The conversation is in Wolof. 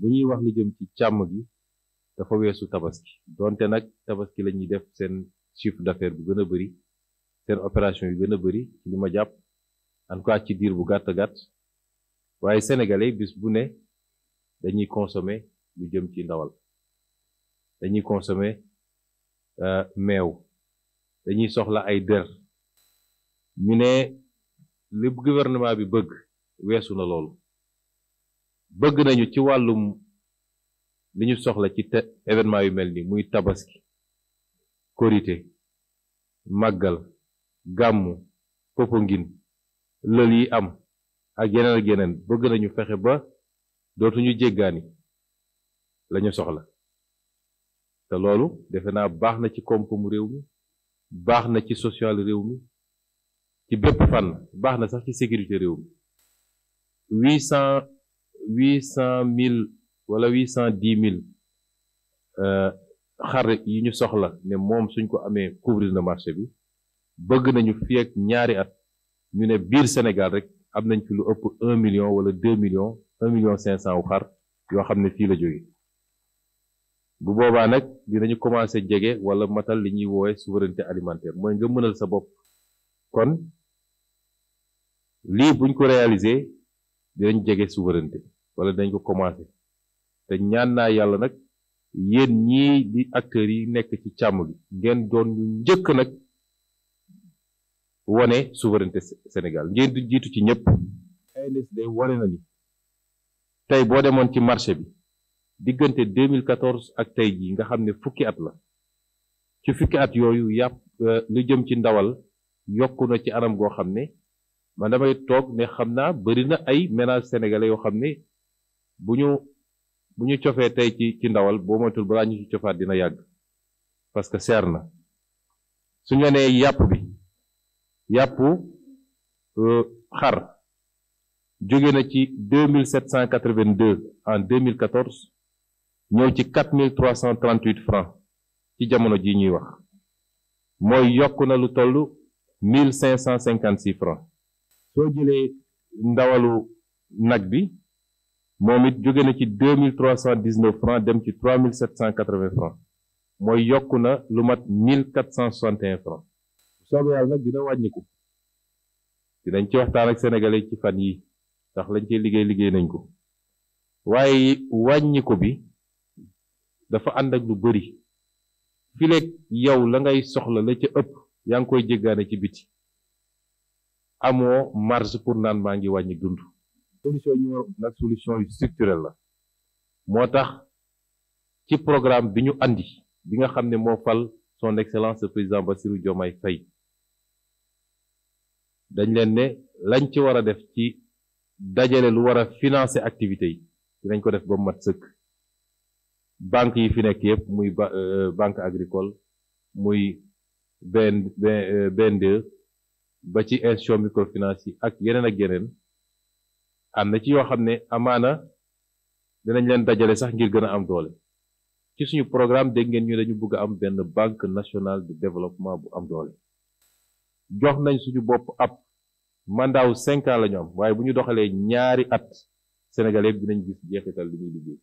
bu ñuy wax lu jëm ci càmm gi dafa weesu tabaski donte nag tabaski la ñuy def seen chiffre d'affaires bu gën a bëri seen opération yu gën a bëri ci li jàpp en cas ci diir bu gàtt gàtt waaye sénégalais bis bu ne dañuy consommer lu jëm ci ndawal dañuy consommer euh, meew dañuy soxla ay dër ñu ne li gouvernement bi bëgg weesu na loolu bëgg nañu ci wàllum li ñu soxla ci événement yu mel ni muy tabaski korité màggal gàmmu popongin lël yi am ak yeneen ak yeneen bëgg nañu fexe ba dootuñu jéggaani lañu soxla te loolu defe naa baax na ci koom réew mi baax na ci social réew mi ci bépp fànn baax na sax ci sécurité réew mi huit cent mille wala huit cent dix mille euh, xar yi ñu soxla ne moom suñ ko amee couvrir na marché bi bëgg nañu fii ak ñaari at ñu ne biir Sénégal rek am nañ fi lu ëpp un million wala deux million un million cinq cent wu xar yoo xam ne fii la jóge bu boobaa nag dinañu commencé jege wala matal li ñuy woowe souveraineté alimentaire mooy nga mënal sa bopp kon lii buñ ko réaliser dinañ jege souveraineté wala dañ ko commencé te ñaan naa yàlla nag yéen ñii di acteurs yi nekk ci càmm gi ngeen doon ñu njëkk nag wane souveraineté Sénégal ngeen di jiitu ci ñépp ANSD wane na ni tey boo demoon ci marché bi diggante 2014 ak tey jii nga xam ne fukki at la ci fukki at yooyu yàpp euh, lu jëm ci ndawal yokku na ci anam goo xam ne man damay toog ne xam naa bari na ay ménage sénégalais yoo xam ne bu ñu bu ñu cofee tey ci ci ndawal boo moytul balaa ñu ci cofaat dina yàgg parce que seer na su la nee yàpp bi yàpp euh, xar jóge na ci deux mille en deux mille quatorze ñëw ci quatre mille trois cent trente huit francs ci jamono ji ñuy wax mooy yokk na lu toll mille cinq cent cinquante six francs soo jëlee ndawalu nag bi moom it jóge na ci deux mille cent dix neuf dem ci trois mille sept cent mooy yokk na lu mat mille quatre cent soixante et un francs soobee yàlla nag dina wàññiku dinañ ci waxtaan ak sénégalais ci fan yi ndax lañ ciy liggéey liggéey nañ ko waaye wàññiku bi dafa ànd ak lu bëri fileeg yow la ngay soxla la ca ëpp yaa ngi koy jéggaane ci biti amoo marge pour naan maa ngi wàññi dund solution yi ñu war nag solution yu la moo tax ci programme bi ñu indi bi nga xam ne moo fal son excellence le président Bassirou ay Faye dañ leen ne lañ ci war a def ci dajale lu war a financer activités yi dinañ ko def ba mu mat sëkk banque yi fi nekk yëpp muy euh, banque agricole muy BN BNDE euh, ba ci institution microfinance yi ak yeneen ak yeneen am na ci yoo xam ne amaana dinañ leen dajale sax ngir gën a am doole ci suñu programme dégg ngeen ñu dañu bëgg am benn banque nationale de développement bu am doole jox nañ suñu bopp ab mandat wu cinq la ñu am waaye bu ñu doxalee ñaari at Sénégalais dinañ gis jeexital li ñuy liggéey